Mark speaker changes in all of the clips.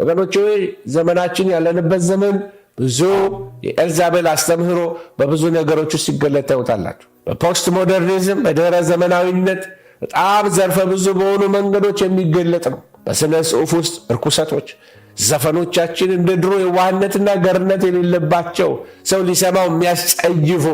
Speaker 1: ወገኖች ዘመናችን ያለንበት ዘመን ብዙ የኤልዛቤል አስተምህሮ በብዙ ነገሮች ውስጥ ሲገለጥ ታዩታላችሁ። በፖስት ሞደርኒዝም በድህረ ዘመናዊነት በጣም ዘርፈ ብዙ በሆኑ መንገዶች የሚገለጥ ነው። በስነ ጽሑፍ ውስጥ እርኩሰቶች፣ ዘፈኖቻችን እንደ ድሮ የዋህነትና ገርነት የሌለባቸው ሰው ሊሰማው የሚያስጸይፉ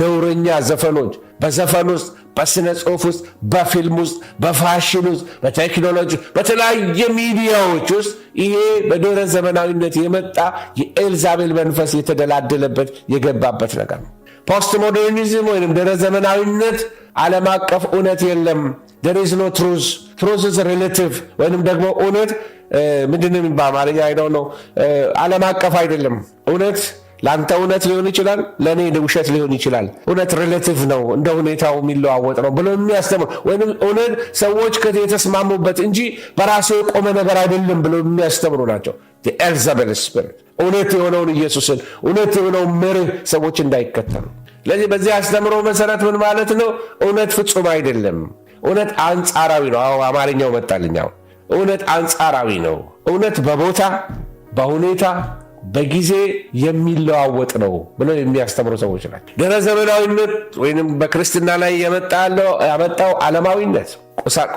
Speaker 1: ነውረኛ ዘፈኖች በዘፈን ውስጥ፣ በሥነ ጽሁፍ ውስጥ፣ በፊልም ውስጥ፣ በፋሽን ውስጥ፣ በቴክኖሎጂ በተለያየ ሚዲያዎች ውስጥ ይሄ በድህረ ዘመናዊነት የመጣ የኤልዛቤል መንፈስ የተደላደለበት የገባበት ነገር ነው። ፖስት ሞደርኒዝም ወይም ድህረ ዘመናዊነት ዓለም አቀፍ እውነት የለም ደሪዝ ኖ ትሩዝ ትሮዝዝ ሬሌቲቭ ወይንም ደግሞ እውነት ምንድን የሚባል አማርኛ አይደው ነው፣ ዓለም አቀፍ አይደለም። እውነት ለአንተ እውነት ሊሆን ይችላል፣ ለእኔ ውሸት ሊሆን ይችላል። እውነት ሬሌቲቭ ነው፣ እንደ ሁኔታው የሚለዋወጥ ነው ብሎ የሚያስተምር ወይም እውነት ሰዎች የተስማሙበት እንጂ በራሱ የቆመ ነገር አይደለም ብሎ የሚያስተምሩ ናቸው። ኤልዛቤል ስፒሪት እውነት የሆነውን ኢየሱስን እውነት የሆነውን መርህ ሰዎች እንዳይከተሉ። ስለዚህ በዚህ አስተምሮ መሰረት ምን ማለት ነው? እውነት ፍጹም አይደለም። እውነት አንጻራዊ ነው። አዎ አማርኛው መጣልኝ። እውነት አንጻራዊ ነው። እውነት በቦታ በሁኔታ በጊዜ የሚለዋወጥ ነው ብለው የሚያስተምሩ ሰዎች ናቸው። ድረ ዘመናዊነት ወይም በክርስትና ላይ ያመጣው ዓለማዊነት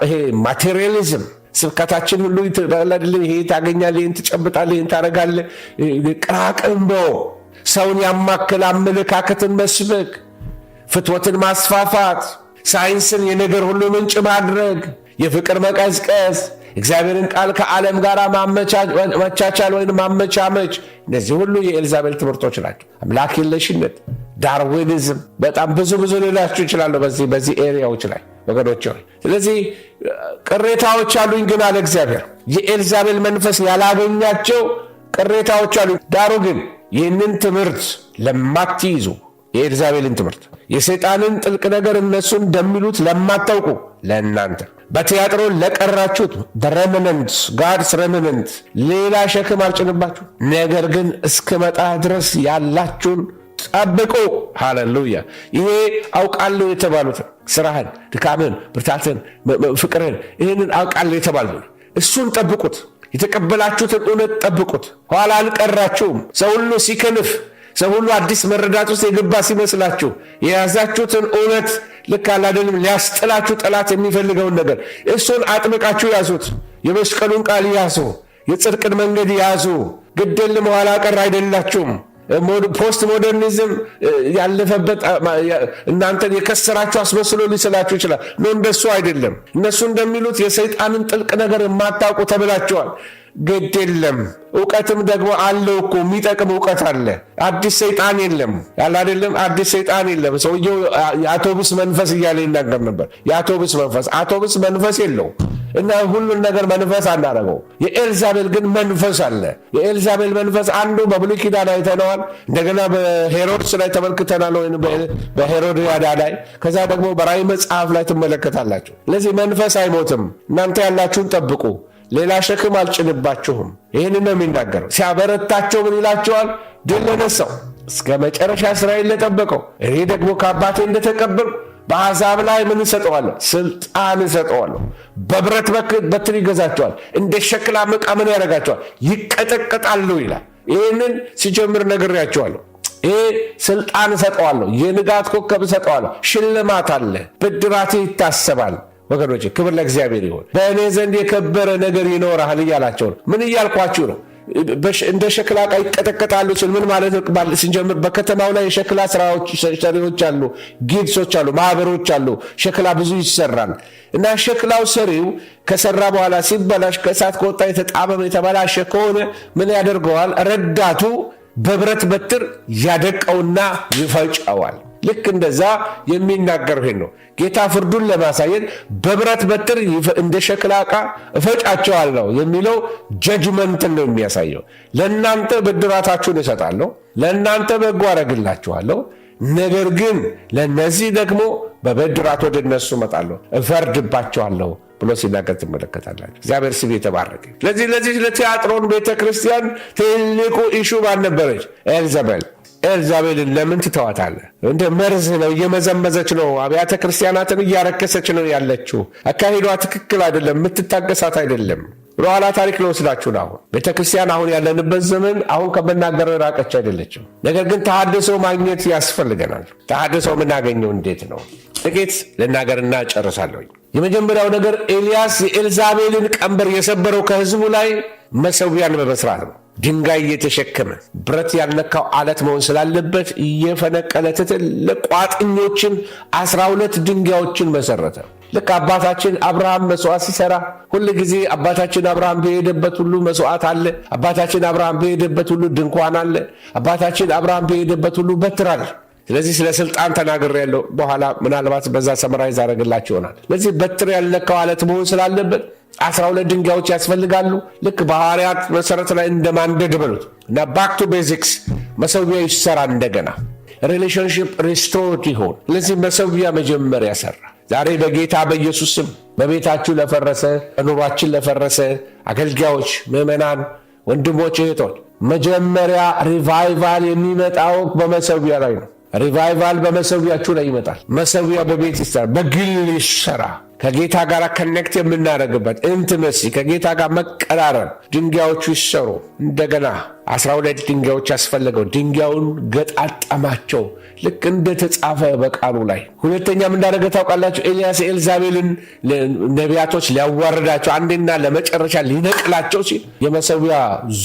Speaker 1: ይሄ ማቴሪያሊዝም ስብከታችን ሁሉ ይትላለድልን ይሄ ታገኛለህ፣ ይህን ትጨብጣለህ፣ ይህን ታደርጋለህ፣ ቅራቅንቦ ሰውን ያማክል አመለካከትን መስበክ፣ ፍትወትን ማስፋፋት ሳይንስን የነገር ሁሉ ምንጭ ማድረግ፣ የፍቅር መቀዝቀዝ፣ እግዚአብሔርን ቃል ከዓለም ጋር መቻቻል ወይም ማመቻመች፣ እነዚህ ሁሉ የኤልዛቤል ትምህርቶች ናቸው። አምላክ የለሽነት፣ ዳርዊኒዝም፣ በጣም ብዙ ብዙ ሌላችሁ ይችላሉ በዚህ በዚህ ኤሪያዎች ላይ ወገኖች። ስለዚህ ቅሬታዎች አሉኝ ግን አለ እግዚአብሔር። የኤልዛቤል መንፈስ ያላገኛቸው ቅሬታዎች አሉኝ። ዳሩ ግን ይህንን ትምህርት ለማትይዙ የኤልዛቤልን ትምህርት የሰይጣንን ጥልቅ ነገር እነሱ እንደሚሉት ለማታውቁ ለእናንተ በቲያጥሮ ለቀራችሁት በረመነንት ጋድስ ረመነንት ሌላ ሸክም አልጭንባችሁ፣ ነገር ግን እስክመጣ ድረስ ያላችሁን ጠብቁ። ሃሌሉያ! ይሄ አውቃለሁ የተባሉት ስራህን፣ ድካምን፣ ብርታትን፣ ፍቅርን ይህንን አውቃለሁ የተባሉት እሱን ጠብቁት። የተቀበላችሁትን እውነት ጠብቁት። ኋላ አልቀራችሁም። ሰው ሁሉ ሲክንፍ ሰው ሁሉ አዲስ መረዳት ውስጥ የገባ ሲመስላችሁ የያዛችሁትን እውነት ልክ አላደንም ሊያስጥላችሁ ጠላት የሚፈልገውን ነገር እሱን አጥብቃችሁ ያዙት። የመስቀሉን ቃል ያዙ። የጽድቅን መንገድ ያዙ። ግድል መኋላ ቀር አይደላችሁም። ፖስት ሞደርኒዝም ያለፈበት እናንተን የከሰራችሁ አስመስሎ ሊስላችሁ ይችላል። ኖ እንደሱ አይደለም። እነሱ እንደሚሉት የሰይጣንን ጥልቅ ነገር የማታውቁ ተብላችኋል። ግድ የለም እውቀትም ደግሞ አለው እኮ የሚጠቅም እውቀት አለ። አዲስ ሰይጣን የለም ያለ አይደለም። አዲስ ሰይጣን የለም። ሰውየው የአውቶቡስ መንፈስ እያለ ይናገር ነበር። የአቶብስ መንፈስ አቶብስ መንፈስ የለው እና ሁሉን ነገር መንፈስ አናረገው። የኤልዛቤል ግን መንፈስ አለ። የኤልዛቤል መንፈስ አንዱ በብሉይ ኪዳን አይተነዋል። እንደገና በሄሮድስ ላይ ተመልክተናል፣ ወይም በሄሮድያዳ ላይ ከዛ ደግሞ በራእይ መጽሐፍ ላይ ትመለከታላችሁ። ስለዚህ መንፈስ አይሞትም። እናንተ ያላችሁን ጠብቁ፣ ሌላ ሸክም አልጭንባችሁም። ይህን ነው የሚናገረው። ሲያበረታቸው ምን ይላቸዋል? ድል ለነሳው እስከ መጨረሻ እስራኤል ለጠበቀው እኔ ደግሞ ከአባቴ እንደተቀበልኩ በአሕዛብ ላይ ምን እሰጠዋለሁ? ስልጣን እሰጠዋለሁ። በብረት በትር ይገዛቸዋል፣ እንደ ሸክላ ዕቃ ምን ያደርጋቸዋል? ይቀጠቀጣሉ ይላል። ይህንን ሲጀምር ነግሬያቸዋለሁ። ይህ ስልጣን እሰጠዋለሁ፣ የንጋት ኮከብ እሰጠዋለሁ፣ ሽልማት አለ፣ ብድራት ይታሰባል። ወገኖች ክብር ለእግዚአብሔር ይሆን። በእኔ ዘንድ የከበረ ነገር ይኖርሃል እያላቸው ነው። ምን እያልኳችሁ ነው? እንደ ሸክላ ዕቃ ይቀጠቀጣሉ ስል ምን ማለት ነው? ስንጀምር በከተማው ላይ የሸክላ ስራዎች ሰሪዎች አሉ፣ ጊልሶች አሉ፣ ማህበሮች አሉ። ሸክላ ብዙ ይሰራል እና ሸክላው ሰሪው ከሰራ በኋላ ሲበላሽ ከእሳት ከወጣ የተጣመመ የተበላሸ ከሆነ ምን ያደርገዋል? ረዳቱ በብረት በትር ያደቀውና ይፈጨዋል። ልክ እንደዛ የሚናገር ይሄን ነው። ጌታ ፍርዱን ለማሳየት በብረት በትር እንደ ሸክላ ዕቃ እፈጫቸዋለሁ የሚለው ጀጅመንትን ነው የሚያሳየው። ለእናንተ ብድራታችሁን እሰጣለሁ፣ ለእናንተ በጎ አረግላችኋለሁ፣ ነገር ግን ለእነዚህ ደግሞ በበድራት ወደ እነሱ እመጣለሁ፣ እፈርድባቸዋለሁ ብሎ ሲናገር ትመለከታላችሁ። እግዚአብሔር ስም የተባረከ። ስለዚህ ለዚህ ለቲያጥሮን ቤተክርስቲያን ትልቁ ኢሹ ማን ነበረች? ኤልዘቤል ኤልዛቤልን ለምን ትተዋታለ? እንደ መርዝ ነው። እየመዘመዘች ነው። አብያተ ክርስቲያናትን እያረከሰች ነው ያለችው። አካሄዷ ትክክል አይደለም። የምትታገሳት አይደለም። በኋላ ታሪክ ልወስዳችሁን አሁን ቤተ ክርስቲያን አሁን ያለንበት ዘመን አሁን ከመናገር ራቀች አይደለችም። ነገር ግን ተሐድሶ ማግኘት ያስፈልገናል። ተሐድሶ የምናገኘው እንዴት ነው? ጥቂት ልናገርና ጨርሳለሁኝ። የመጀመሪያው ነገር ኤልያስ የኤልዛቤልን ቀንበር የሰበረው ከህዝቡ ላይ መሰዊያን በመስራት ነው። ድንጋይ እየተሸከመ ብረት ያልነካው አለት መሆን ስላለበት እየፈነቀለ ትትል ቋጥኞችን አስራ ሁለት ድንጋዮችን መሰረተ ልክ አባታችን አብርሃም መስዋዕት ሲሰራ ሁል ጊዜ አባታችን አብርሃም በሄደበት ሁሉ መስዋዕት አለ። አባታችን አብርሃም በሄደበት ሁሉ ድንኳን አለ። አባታችን አብርሃም በሄደበት ሁሉ በትር አለ። ስለዚህ ስለ ስልጣን ተናግር ያለው በኋላ ምናልባት በዛ ሰመራይዝ አደረግላችሁ ይሆናል። ስለዚህ በትር ያልነካው አለት መሆን ስላለበት አስራ ሁለት ድንጋዮች ያስፈልጋሉ። ልክ በሐዋርያት መሰረት ላይ እንደማንደድ በሉት እና ባክ ቱ ቤዚክስ መሰዊያ ይሰራ እንደገና ሪሌሽንሽፕ ሪስቶርድ ይሆን። ስለዚህ መሰዊያ መጀመሪያ ሰራ። ዛሬ በጌታ በኢየሱስ ስም በቤታችሁ ለፈረሰ በኑሯችን ለፈረሰ አገልጋዮች፣ ምዕመናን፣ ወንድሞች፣ እህቶች መጀመሪያ ሪቫይቫል የሚመጣው በመሰዊያ ላይ ነው። ሪቫይቫል በመሰዊያችሁ ላይ ይመጣል። መሰዊያ በቤት ይሰራ፣ በግል ይሰራ። ከጌታ ጋር ከኔክት የምናደርግበት ኢንትመሲ ከጌታ ጋር መቀራረብ። ድንጋዮቹ ይሰሩ። እንደገና አስራ ሁለት ድንጋዮች ያስፈለገው ድንጋዩን ገጣጠማቸው፣ ልክ እንደተጻፈ በቃሉ ላይ። ሁለተኛም እንዳደረገ ታውቃላችሁ? ኤልያስ ኤልዛቤልን ነቢያቶች ሊያዋርዳቸው አንዴና ለመጨረሻ ሊነቅላቸው ሲል የመሰዊያ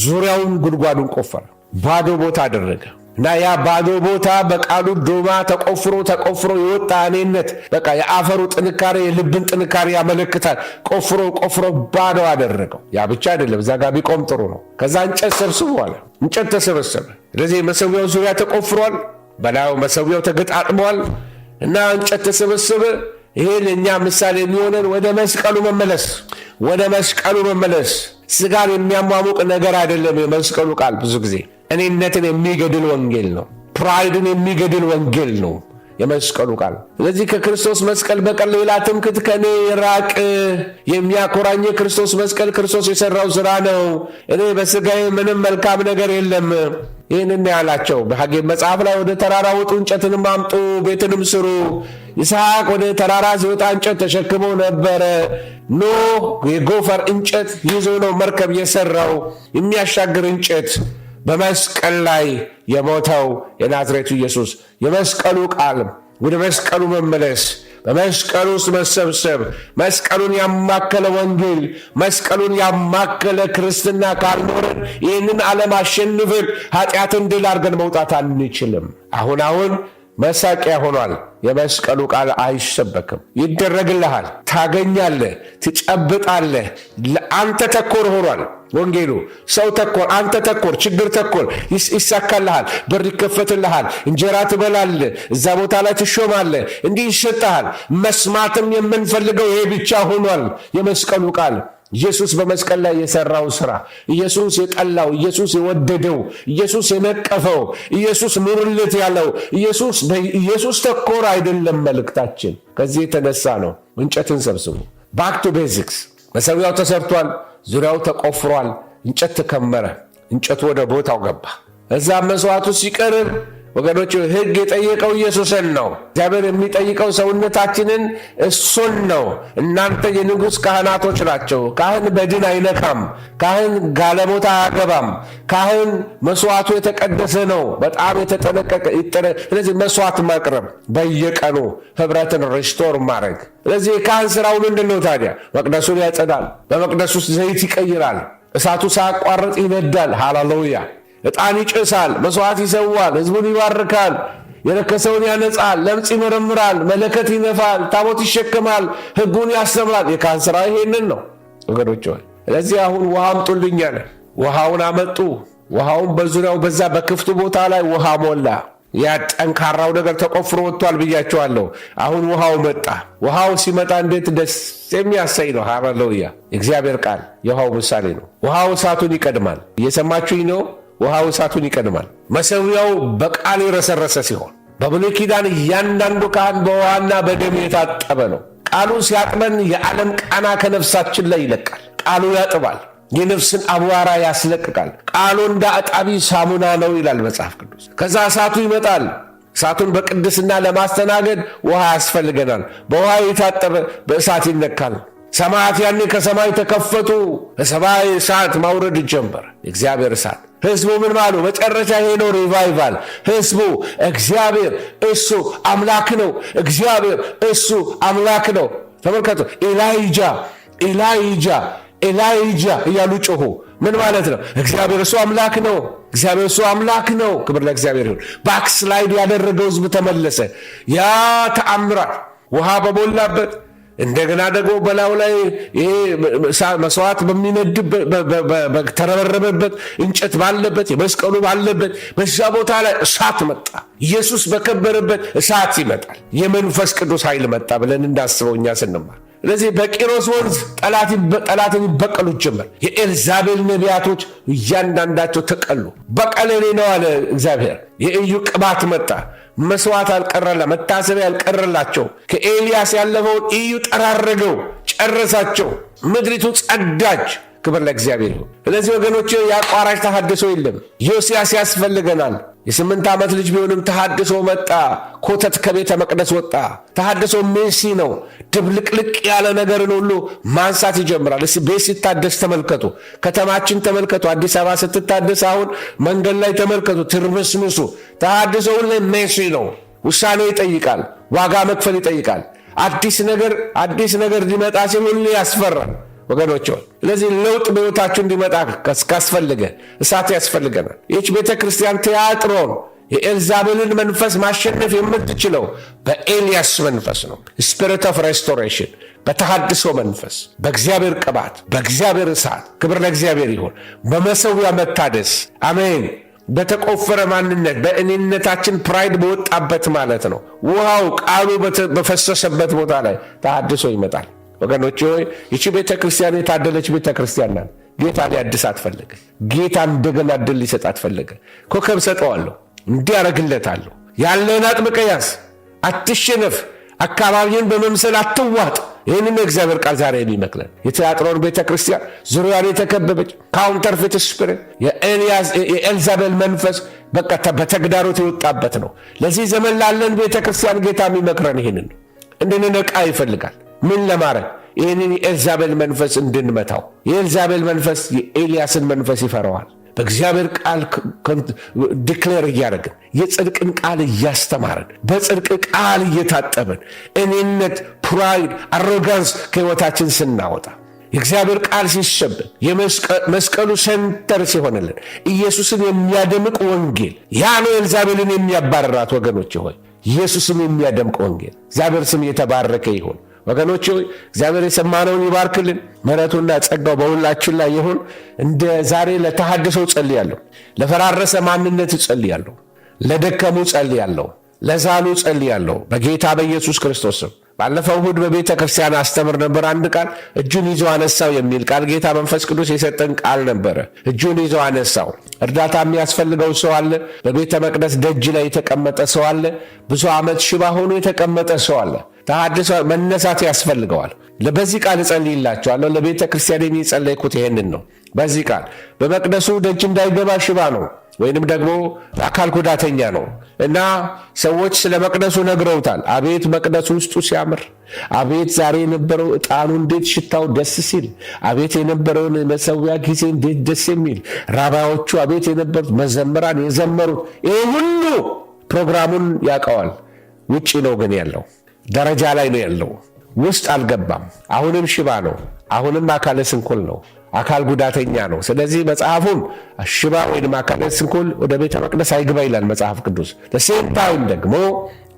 Speaker 1: ዙሪያውን ጉድጓዱን ቆፈረ፣ ባዶ ቦታ አደረገ። እና ያ ባዶ ቦታ በቃሉ ዶማ ተቆፍሮ ተቆፍሮ የወጣ እኔነት በቃ የአፈሩ ጥንካሬ የልብን ጥንካሬ ያመለክታል። ቆፍሮ ቆፍሮ ባዶ አደረገው። ያ ብቻ አይደለም፣ እዛ ጋር ቢቆም ጥሩ ነው። ከዛ እንጨት ሰብስቡ አለ። እንጨት ተሰበሰበ። ስለዚህ መሰዊያው ዙሪያ ተቆፍሯል፣ በላዩ መሰዊያው ተገጣጥሟል እና እንጨት ተሰበሰበ። ይሄ ለእኛ ምሳሌ የሚሆነን ወደ መስቀሉ መመለስ ወደ መስቀሉ መመለስ ስጋን የሚያሟሙቅ ነገር አይደለም የመስቀሉ ቃል ብዙ ጊዜ እኔነትን የሚገድል ወንጌል ነው። ፕራይድን የሚገድል ወንጌል ነው የመስቀሉ ቃል። ስለዚህ ከክርስቶስ መስቀል በቀር ሌላ ትምክት ከእኔ ራቅ። የሚያኮራኝ ክርስቶስ መስቀል፣ ክርስቶስ የሰራው ስራ ነው። እኔ በሥጋዬ ምንም መልካም ነገር የለም። ይህንን ያላቸው በሐጌ መጽሐፍ ላይ ወደ ተራራ ውጡ፣ እንጨትንም አምጡ፣ ቤትንም ስሩ። ይስሐቅ ወደ ተራራ ሲወጣ እንጨት ተሸክሞ ነበረ። ኖ የጎፈር እንጨት ይዞ ነው መርከብ የሰራው የሚያሻግር እንጨት በመስቀል ላይ የሞተው የናዝሬቱ ኢየሱስ የመስቀሉ ቃል ወደ መስቀሉ መመለስ በመስቀሉ ውስጥ መሰብሰብ መስቀሉን ያማከለ ወንጌል መስቀሉን ያማከለ ክርስትና ካልኖርን ይህንን ዓለም አሸንፍን ኃጢአትን ድል አድርገን መውጣት አንችልም። አሁን አሁን መሳቂያ ሆኗል። የመስቀሉ ቃል አይሰበክም። ይደረግልሃል፣ ታገኛለህ፣ ትጨብጣለህ። አንተ ተኮር ሆኗል ወንጌሉ። ሰው ተኮር፣ አንተ ተኮር፣ ችግር ተኮር። ይሳካልሃል፣ በር ይከፈትልሃል፣ እንጀራ ትበላለህ፣ እዛ ቦታ ላይ ትሾማለህ፣ እንዲህ ይሸጠሃል። መስማትም የምንፈልገው ይሄ ብቻ ሆኗል የመስቀሉ ቃል ኢየሱስ በመስቀል ላይ የሰራው ስራ፣ ኢየሱስ የጠላው፣ ኢየሱስ የወደደው፣ ኢየሱስ የነቀፈው፣ ኢየሱስ ምርልት ያለው ኢየሱስ ኢየሱስ ተኮር አይደለም መልእክታችን። ከዚህ የተነሳ ነው እንጨትን ሰብስቡ። ባክ ቱ ቤዚክስ። መሰዊያው ተሰርቷል፣ ዙሪያው ተቆፍሯል፣ እንጨት ተከመረ፣ እንጨቱ ወደ ቦታው ገባ። እዛ መስዋዕቱ ሲቀርብ ወገኖች ሕግ የጠየቀው ኢየሱስን ነው። እግዚአብሔር የሚጠይቀው ሰውነታችንን እሱን ነው። እናንተ የንጉሥ ካህናቶች ናቸው። ካህን በድን አይነካም። ካህን ጋለሞታ አያገባም። ካህን መስዋዕቱ የተቀደሰ ነው፣ በጣም የተጠነቀቀ። ስለዚህ መስዋዕት ማቅረብ በየቀኑ ህብረትን ሪስቶር ማድረግ። ስለዚህ የካህን ስራው ምንድን ነው ታዲያ? መቅደሱን ያጸዳል። በመቅደሱ ውስጥ ዘይት ይቀይራል። እሳቱ ሳያቋርጥ ይነዳል። ሃሌሉያ ዕጣን ይጨሳል፣ መስዋዕት ይሰዋል፣ ሕዝቡን ይባርካል፣ የረከሰውን ያነጻል፣ ለምጽ ይመረምራል፣ መለከት ይነፋል፣ ታቦት ይሸከማል፣ ሕጉን ያስተምራል። የካህን ሥራ ይሄንን ነው ወገኖች። ስለዚህ አሁን ውሃ አምጡልኝ አለ። ውሃውን አመጡ። ውሃውን በዙሪያው በዛ በክፍቱ ቦታ ላይ ውሃ ሞላ። ያ ጠንካራው ነገር ተቆፍሮ ወጥቷል ብያቸዋለሁ። አሁን ውሃው መጣ። ውሃው ሲመጣ እንዴት ደስ የሚያሰኝ ነው! ሃሌሉያ! እግዚአብሔር ቃል የውሃው ምሳሌ ነው። ውሃው እሳቱን ይቀድማል። እየሰማችሁኝ ነው? ውሃው እሳቱን ይቀድማል። መሰዊያው በቃል የረሰረሰ ሲሆን በብሉይ ኪዳን እያንዳንዱ ካህን በውሃና በደም የታጠበ ነው። ቃሉ ሲያጥበን የዓለም ቃና ከነፍሳችን ላይ ይለቃል። ቃሉ ያጥባል፣ የነፍስን አቧራ ያስለቅቃል። ቃሉ እንደ አጣቢ ሳሙና ነው ይላል መጽሐፍ ቅዱስ። ከዛ እሳቱ ይመጣል። እሳቱን በቅድስና ለማስተናገድ ውሃ ያስፈልገናል። በውሃ የታጠበ በእሳት ይነካል። ሰማያት ያኔ ከሰማይ ተከፈቱ። ከሰማይ እሳት ማውረድ ጀመረ እግዚአብሔር እሳት። ህዝቡ ምን ማሉ? መጨረሻ ይሄ ነው ሪቫይቫል። ህዝቡ እግዚአብሔር እሱ አምላክ ነው፣ እግዚአብሔር እሱ አምላክ ነው። ተመልከቱ። ኤላይጃ ኤላይጃ ኤላይጃ እያሉ ጮኹ። ምን ማለት ነው? እግዚአብሔር እሱ አምላክ ነው፣ እግዚአብሔር እሱ አምላክ ነው። ክብር ለእግዚአብሔር ይሁን። ባክስላይድ ያደረገው ህዝብ ተመለሰ። ያ ተአምራት ውሃ በሞላበት እንደገና ደግሞ በላዩ ላይ መስዋዕት በሚነድ ተረበረበበት እንጨት ባለበት የመስቀሉ ባለበት በዛ ቦታ ላይ እሳት መጣ። ኢየሱስ በከበረበት እሳት ይመጣል። የመንፈስ ቅዱስ ኃይል መጣ ብለን እንዳስበው እኛ ስንማር ስለዚህ በቂሮስ ወንዝ ጠላትን ይበቀሉ ጀመር። የኤልዛቤል ነቢያቶች እያንዳንዳቸው ተቀሉ። በቀል እኔ ነው አለ እግዚአብሔር። የእዩ ቅባት መጣ። መስዋዕት አልቀረላ መታሰቢያ አልቀረላቸው። ከኤልያስ ያለፈውን እዩ ጠራረገው፣ ጨረሳቸው። ምድሪቱ ጸዳች። ክብር ለእግዚአብሔር ስለዚህ ወገኖች የአቋራጭ ተሃድሶ የለም። ዮስያስ ያስፈልገናል። የስምንት ዓመት ልጅ ቢሆንም ተሃድሶ መጣ። ኮተት ከቤተ መቅደስ ወጣ። ተሃድሶ ሜሲ ነው። ድብልቅልቅ ያለ ነገርን ሁሉ ማንሳት ይጀምራል። እስኪ ቤት ሲታደስ ተመልከቱ፣ ከተማችን ተመልከቱ፣ አዲስ አበባ ስትታደስ፣ አሁን መንገድ ላይ ተመልከቱ፣ ትርምስምሱ። ተሃድሶ ሁሌ ሜሲ ነው። ውሳኔ ይጠይቃል፣ ዋጋ መክፈል ይጠይቃል። አዲስ ነገር አዲስ ነገር ሊመጣ ሲል ሁሌ ያስፈራል። ወገኖች ሆይ ስለዚህ ለውጥ በሕይወታችሁ እንዲመጣ ካስፈልገ እሳት ያስፈልገናል። ይህች ቤተ ክርስቲያን ቲያጥሮን የኤልዛቤልን መንፈስ ማሸነፍ የምትችለው በኤልያስ መንፈስ ነው። ስፒሪት ኦፍ ሬስቶሬሽን በተሃድሶ መንፈስ፣ በእግዚአብሔር ቅባት፣ በእግዚአብሔር እሳት። ክብር ለእግዚአብሔር ይሁን። በመሰዊያ መታደስ አሜን። በተቆፈረ ማንነት በእኔነታችን ፕራይድ በወጣበት ማለት ነው። ውሃው ቃሉ በፈሰሰበት ቦታ ላይ ተሃድሶ ይመጣል። ወገኖች ሆይ ይቺ ቤተክርስቲያን የታደለች ቤተክርስቲያን ናት። ጌታ ሊያድሳት ፈለገ። ጌታ እንደገና ድል ሊሰጣት ፈለገ። ኮከብ ሰጠዋለሁ፣ እንዲያረግለታለሁ። ያለህን አጥብቀህ ያዝ፣ አትሸነፍ። አካባቢን በመምሰል አትዋጥ። ይህንን የእግዚአብሔር ቃል ዛሬ የሚመክለን የትያጥሮን ቤተክርስቲያን ዙሪያን የተከበበች ካውንተር ፊት የኤልዛቤል መንፈስ በቃ በተግዳሮት የወጣበት ነው። ለዚህ ዘመን ላለን ቤተክርስቲያን ጌታ የሚመክረን ይህንን እንድንነቃ ይፈልጋል። ምን ለማድረግ ይህንን የኤልዛቤል መንፈስ እንድንመታው። የኤልዛቤል መንፈስ የኤልያስን መንፈስ ይፈራዋል። በእግዚአብሔር ቃል ዲክሌር እያደረግን የጽድቅን ቃል እያስተማርን በጽድቅ ቃል እየታጠብን እኔነት፣ ፕራይድ፣ አሮጋንስ ከሕይወታችን ስናወጣ የእግዚአብሔር ቃል ሲሸብን የመስቀሉ ሴንተር ሲሆንልን ኢየሱስን የሚያደምቅ ወንጌል ያ ነው ኤልዛቤልን የሚያባረራት። ወገኖች ሆይ ኢየሱስን የሚያደምቅ ወንጌል። እግዚአብሔር ስም የተባረከ ይሁን። ወገኖች እግዚአብሔር የሰማነውን ይባርክልን። ምሕረቱና ጸጋው በሁላችን ላይ ይሁን። እንደ ዛሬ ለተሃድሶ ጸልያለሁ፣ ለፈራረሰ ማንነት ጸልያለሁ፣ ለደከሙ ጸልያለሁ፣ ለዛሉ ጸልያለሁ በጌታ በኢየሱስ ክርስቶስ ስም። ባለፈው ሁድ በቤተ ክርስቲያን አስተምር ነበር። አንድ ቃል እጁን ይዞ አነሳው የሚል ቃል ጌታ መንፈስ ቅዱስ የሰጠን ቃል ነበረ። እጁን ይዞ አነሳው። እርዳታ የሚያስፈልገው ሰው አለ። በቤተ መቅደስ ደጅ ላይ የተቀመጠ ሰው አለ። ብዙ ዓመት ሽባ ሆኖ የተቀመጠ ሰው አለ። ተሐድሶ መነሳት ያስፈልገዋል። በዚህ ቃል እጸልይላቸዋለሁ። ለቤተ ክርስቲያን የሚጸለይኩት ይህንን ነው። በዚህ ቃል በመቅደሱ ደጅ እንዳይገባ ሽባ ነው ወይንም ደግሞ አካል ጉዳተኛ ነው እና ሰዎች ስለ መቅደሱ ነግረውታል። አቤት መቅደሱ ውስጡ ሲያምር፣ አቤት ዛሬ የነበረው ዕጣኑ እንዴት ሽታው ደስ ሲል፣ አቤት የነበረውን መሰዊያ ጊዜ እንዴት ደስ የሚል፣ ራባዎቹ አቤት የነበሩት መዘምራን የዘመሩት፣ ይህ ሁሉ ፕሮግራሙን ያውቀዋል። ውጭ ነው ግን ያለው ደረጃ ላይ ነው ያለው፣ ውስጥ አልገባም። አሁንም ሽባ ነው። አሁንም አካለ ስንኩል ነው። አካል ጉዳተኛ ነው። ስለዚህ መጽሐፉም ሽባ ወይም አካለ ስንኩል ወደ ቤተ መቅደስ አይግባ ይላል መጽሐፍ ቅዱስ። ለሴም ታይም ደግሞ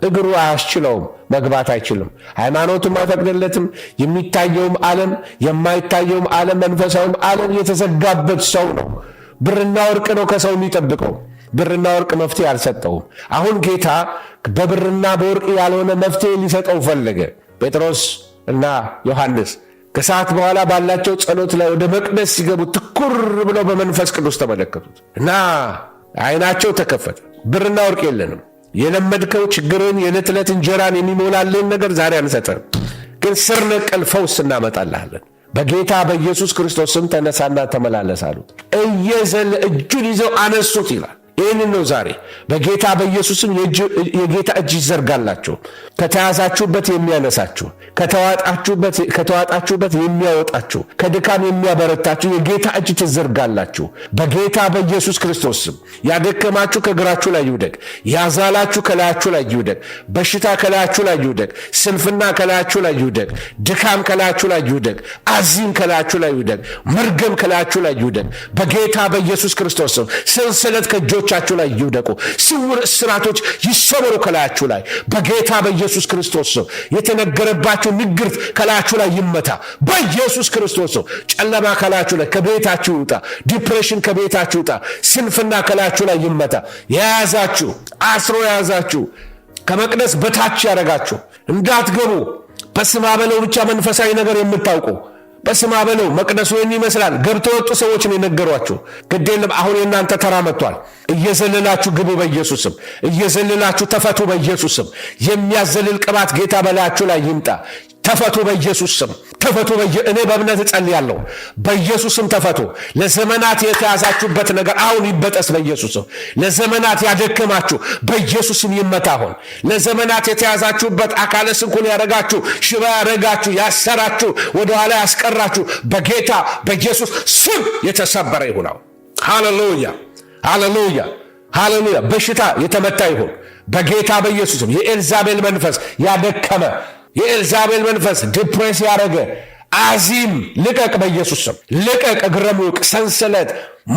Speaker 1: እግሩ አያስችለውም፣ መግባት አይችልም። ሃይማኖቱም አይፈቅድለትም። የሚታየውም ዓለም የማይታየውም ዓለም መንፈሳዊም ዓለም የተዘጋበት ሰው ነው። ብርና ወርቅ ነው ከሰው የሚጠብቀው። ብርና ወርቅ መፍትሄ አልሰጠውም። አሁን ጌታ በብርና በወርቅ ያልሆነ መፍትሄ ሊሰጠው ፈለገ። ጴጥሮስ እና ዮሐንስ ከሰዓት በኋላ ባላቸው ጸሎት ላይ ወደ መቅደስ ሲገቡ ትኩር ብለው በመንፈስ ቅዱስ ተመለከቱት እና አይናቸው ተከፈተ። ብርና ወርቅ የለንም። የለመድከው ችግርን የዕለት ዕለት እንጀራን የሚሞላልን ነገር ዛሬ አንሰጥም፣ ግን ስር ነቀል ፈውስ እናመጣልሃለን በጌታ በኢየሱስ ክርስቶስ ስም ተነሳና ተመላለስ አሉት። እየዘለ እጁን ይዘው አነሱት ይላል። ይህንን ነው ዛሬ በጌታ በኢየሱስም የጌታ እጅ ይዘርጋላችሁ። ከተያዛችሁበት የሚያነሳችሁ፣ ከተዋጣችሁበት የሚያወጣችሁ፣ ከድካም የሚያበረታችሁ የጌታ እጅ ትዘርጋላችሁ። በጌታ በኢየሱስ ክርስቶስም ያደከማችሁ ከእግራችሁ ላይ ይውደቅ፣ ያዛላችሁ ከላያችሁ ላይ ይውደቅ፣ በሽታ ከላያችሁ ላይ ይውደቅ፣ ስንፍና ከላያችሁ ላይ ይውደቅ፣ ድካም ከላያችሁ ላይ ይውደቅ፣ አዚም ከላያችሁ ላይ ይውደቅ፣ መርገም ከላያችሁ ላይ ይውደቅ። በጌታ በኢየሱስ ክርስቶስም ሰንሰለት ከእጆች በልጆቻችሁ ላይ ይውደቁ። ስውር እስራቶች ይሰበሩ ከላያችሁ ላይ በጌታ በኢየሱስ ክርስቶስ ነው። የተነገረባችሁ ንግርት ከላያችሁ ላይ ይመታ በኢየሱስ ክርስቶስ ነው። ጨለማ ከላያችሁ ላይ ከቤታችሁ ይውጣ። ዲፕሬሽን ከቤታችሁ ይውጣ። ስንፍና ከላያችሁ ላይ ይመታ። የያዛችሁ አስሮ የያዛችሁ ከመቅደስ በታች ያደረጋችሁ እንዳትገቡ በስማ በለው ብቻ መንፈሳዊ ነገር የምታውቁ በስማ በለው መቅደሱ ይህን ይመስላል። ገብተው የወጡ ሰዎችን የነገሯቸው ግድ የለም አሁን የእናንተ ተራ መጥቷል። እየዘለላችሁ ግቡ በኢየሱስም እየዘለላችሁ ተፈቱ በኢየሱስም። የሚያዘልል ቅባት ጌታ በላያችሁ ላይ ይምጣ። ተፈቱ፣ በኢየሱስ ስም ተፈቱ። እኔ በእምነት እጸልያለሁ። በኢየሱስም ተፈቱ። ለዘመናት የተያዛችሁበት ነገር አሁን ይበጠስ በኢየሱስም። ለዘመናት ያደከማችሁ በኢየሱስም ይመታ አሁን። ለዘመናት የተያዛችሁበት አካለ ስንኩል ያረጋችሁ፣ ሽባ ያረጋችሁ፣ ያሰራችሁ፣ ወደኋላ ያስቀራችሁ በጌታ በኢየሱስ ስም የተሰበረ ይሁናው። አሁን። ሃሌሉያ ሃሌሉያ ሃሌሉያ። በሽታ የተመታ ይሁን በጌታ በኢየሱስም። የኤልዛቤል መንፈስ ያደከመ የኤልዛቤል መንፈስ ዲፕሬስ ያደረገ አዚም ልቀቅ፣ በኢየሱስ ስም ልቀቅ። እግረ ምውቅ፣ ሰንሰለት፣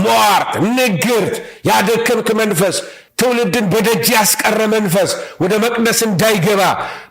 Speaker 1: ሟርት፣ ንግርት፣ ያደከምክ መንፈስ ትውልድን በደጅ ያስቀረ መንፈስ ወደ መቅደስ እንዳይገባ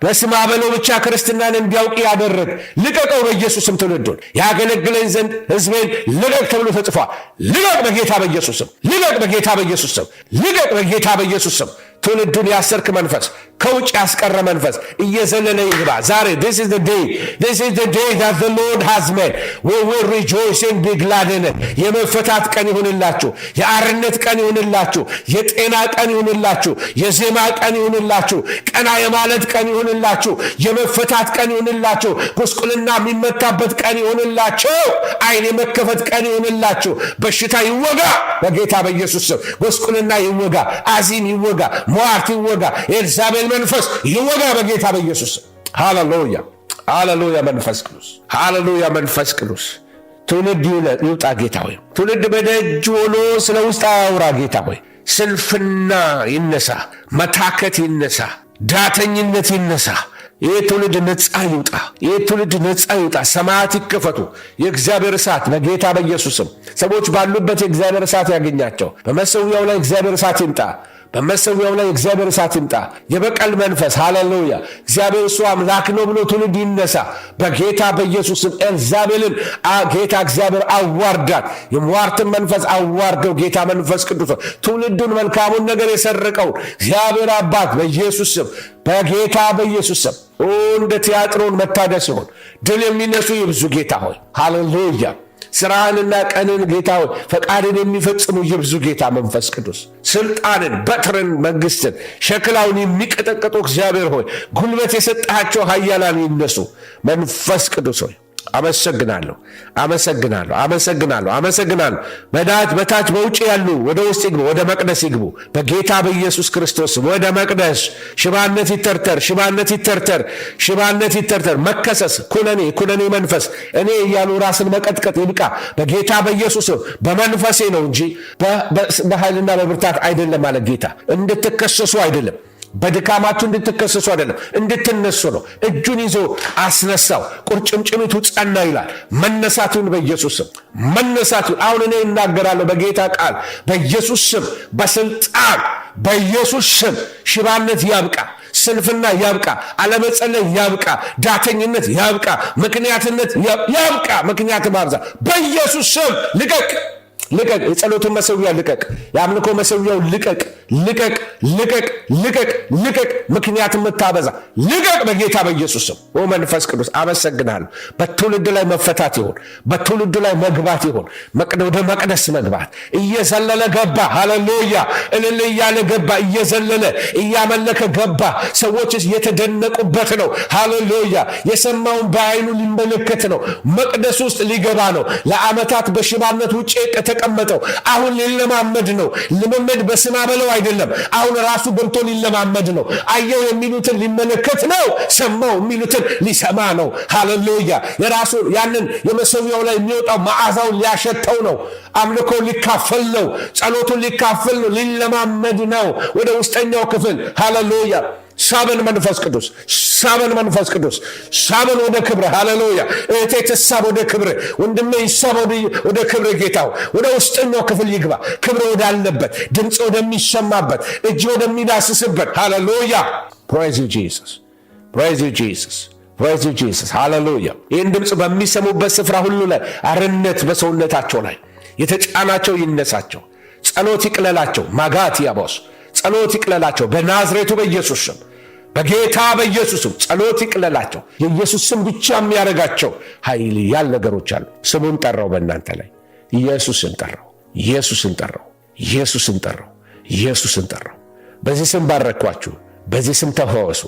Speaker 1: በስማ በለው ብቻ ክርስትናን እንዲያውቅ ያደረግ ልቀቀው፣ በኢየሱስም ትውልዱን ያገለግለኝ ዘንድ ሕዝቤን ልቀቅ ተብሎ ተጽፏል። ልቀቅ በጌታ በኢየሱስም፣ ልቀቅ በጌታ በኢየሱስም፣ ልቀቅ በጌታ በኢየሱስም። ትውልዱን ያሰርክ መንፈስ ከውጭ ያስቀረ መንፈስ እየዘለለ ይግባ። ዛሬ this is the day this is the day that the Lord has made we will rejoice and be glad in it። የመፈታት ቀን ይሁንላችሁ፣ የአርነት ቀን ይሁንላችሁ፣ የጤና ቀን ይሁንላችሁ፣ የዜማ ቀን ይሁንላችሁ፣ ቀና የማለት ቀን ይሁንላችሁ፣ የመፈታት ቀን ይሁንላችሁ፣ ጉስቁልና የሚመታበት ቀን ይሁንላችሁ፣ አይን የመከፈት ቀን ይሁንላችሁ። በሽታ ይወጋ በጌታ በኢየሱስ ስም፣ ጉስቁልና ይወጋ፣ አዚም ይወጋ፣ ሟርት ይወጋ፣ ኤልዛቤል መንፈስ ይወጋ በጌታ በኢየሱስ። ሃሌሉያ ሃሌሉያ። መንፈስ ቅዱስ ሃሌሉያ። መንፈስ ቅዱስ ትውልድ ይውጣ ጌታ ሆይ። ትውልድ በደጅ ሆኖ ስለ ውስጥ አያውራ ጌታ ሆይ። ስንፍና ይነሳ፣ መታከት ይነሳ፣ ዳተኝነት ይነሳ። ይህ ትውልድ ነፃ ይውጣ። ይህ ትውልድ ነፃ ይውጣ። ሰማያት ይከፈቱ። የእግዚአብሔር እሳት በጌታ በኢየሱስም ሰዎች ባሉበት የእግዚአብሔር እሳት ያገኛቸው። በመሰዊያው ላይ እግዚአብሔር እሳት ይምጣ። በመሰዊያው ላይ እግዚአብሔር እሳት ይምጣ። የበቀል መንፈስ ሃሌሉያ። እግዚአብሔር እሱ አምላክ ነው ብሎ ትውልድ ይነሳ በጌታ በኢየሱስም። ኤልዛቤልን ጌታ እግዚአብሔር አዋርዳት። የሟርትን መንፈስ አዋርደው ጌታ መንፈስ ቅዱስ ትውልዱን መልካሙን ነገር የሰረቀውን እግዚአብሔር አባት በኢየሱስ ስም በጌታ በኢየሱስ ስም እንደ ቲያጥሮን መታደስ ሲሆን ድል የሚነሱ ይብዙ ጌታ ሆይ ሃሌሉያ ስራህንና ቀንን ጌታ ፈቃድን የሚፈጽሙ ይብዙ። ጌታ መንፈስ ቅዱስ ስልጣንን፣ በትርን፣ መንግስትን፣ ሸክላውን የሚቀጠቅጡ እግዚአብሔር ሆይ ጉልበት የሰጣቸው ሀያላን ይነሱ። መንፈስ ቅዱስ ሆይ አመሰግናለሁ፣ አመሰግናለሁ፣ አመሰግናለሁ፣ አመሰግናለሁ። በዳት በታች በውጭ ያሉ ወደ ውስጥ ይግቡ፣ ወደ መቅደስ ይግቡ። በጌታ በኢየሱስ ክርስቶስ ወደ መቅደስ። ሽባነት ይተርተር፣ ሽባነት ይተርተር፣ ሽባነት ይተርተር። መከሰስ፣ ኩነኔ፣ ኩነኔ መንፈስ እኔ እያሉ ራስን መቀጥቀጥ ይብቃ። በጌታ በኢየሱስ በመንፈሴ ነው እንጂ በኃይልና በብርታት አይደለም አለ ጌታ። እንድትከሰሱ አይደለም በድካማችሁ እንድትከሰሱ አይደለም፣ እንድትነሱ ነው። እጁን ይዞ አስነሳው፣ ቁርጭምጭሚቱ ጸና ይላል። መነሳቱን በኢየሱስ ስም መነሳቱን አሁን እኔ እናገራለሁ በጌታ ቃል በኢየሱስ ስም በስልጣን በኢየሱስ ስም ሽባነት ያብቃ፣ ስንፍና ያብቃ፣ አለመጸለይ ያብቃ፣ ዳተኝነት ያብቃ፣ ምክንያትነት ያብቃ፣ ምክንያት ማብዛት በኢየሱስ ስም ልቀቅ። ልቀቅ፣ የጸሎቱን መሰዊያ ልቀቅ፣ የአምልኮ መሰዊያው ልቀቅ፣ ልቀቅ፣ ልቀቅ፣ ልቀቅ፣ ልቀቅ። ምክንያት የምታበዛ ልቀቅ፣ በጌታ በኢየሱስም። ኦ መንፈስ ቅዱስ አመሰግናለሁ። በትውልድ ላይ መፈታት ይሆን፣ በትውልድ ላይ መግባት ይሆን፣ ወደ መቅደስ መግባት እየዘለለ ገባ። ሃሌሉያ! እልል እያለ ገባ፣ እየዘለለ እያመለከ ገባ። ሰዎች የተደነቁበት ነው። ሃሌሉያ! የሰማውን በአይኑ ሊመለከት ነው። መቅደስ ውስጥ ሊገባ ነው። ለአመታት በሽባነት ውጭ የተቀመጠው። አሁን ሊለማመድ ነው። ልምምድ በስማ በለው አይደለም። አሁን ራሱ ገብቶ ሊለማመድ ነው። አየው የሚሉትን ሊመለከት ነው። ሰማው የሚሉትን ሊሰማ ነው። ሃሌሉያ! የራሱ ያንን የመሰዊያው ላይ የሚወጣው መዓዛውን ሊያሸተው ነው። አምልኮ ሊካፈል ነው። ጸሎቱን ሊካፈል ነው። ሊለማመድ ነው ወደ ውስጠኛው ክፍል ሃሌሉያ! ሳበን መንፈስ ቅዱስ ሳበን መንፈስ ቅዱስ ሳበን ወደ ክብር ሃሌሉያ። እህቴ ትሳብ ወደ ክብር፣ ወንድሜ ይሳብ ወደ ክብር። ጌታው ወደ ውስጠኛው ክፍል ይግባ፣ ክብር ወዳለበት፣ ድምፅ ወደሚሰማበት፣ እጅ ወደሚዳስስበት። ሃሌሉያ ፕራይዝ ዩ ፕራይዝ ዩ ፕራይዝ ዩ ሃሌሉያ ይህን ድምፅ በሚሰሙበት ስፍራ ሁሉ ላይ አርነት በሰውነታቸው ላይ የተጫናቸው ይነሳቸው። ጸሎት ይቅለላቸው። ማጋት ያቦስ ጸሎት ይቅለላቸው በናዝሬቱ በኢየሱስ ስም። በጌታ ስም ጸሎት ይቅለላቸው። የኢየሱስ ስም ብቻ የሚያደርጋቸው ኃይል ያል ነገሮች አሉ። ስሙን ጠራው፣ በእናንተ ላይ ኢየሱስን ጠራው፣ ኢየሱስን ጠራው፣ ኢየሱስን ጠራው፣ ኢየሱስን ጠራው። በዚህ ስም ባረኳችሁ፣ በዚህ ስም ተፈወሱ፣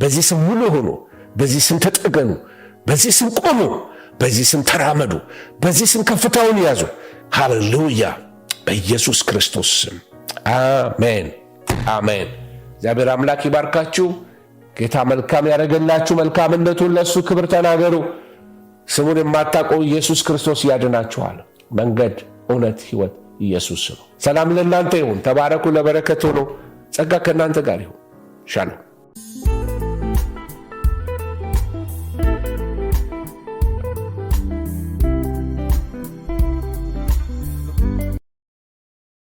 Speaker 1: በዚህ ስም ሙሉ ሆኑ በዚህ ስም ተጠገኑ፣ በዚህ ስም ቆሙ፣ በዚህ ስም ተራመዱ፣ በዚህ ስም ከፍታውን ያዙ። ሃሌሉያ! በኢየሱስ ክርስቶስ ስም አሜን፣ አሜን። እግዚአብሔር አምላክ ይባርካችሁ። ጌታ መልካም ያደረገላችሁ መልካምነቱን ለእሱ ክብር ተናገሩ። ስሙን የማታውቀው ኢየሱስ ክርስቶስ እያድናችኋል። መንገድ፣ እውነት፣ ህይወት ኢየሱስ ነው። ሰላም ለእናንተ ይሁን። ተባረኩ። ለበረከት ሆኖ ጸጋ ከእናንተ ጋር ይሁን። ሻሎም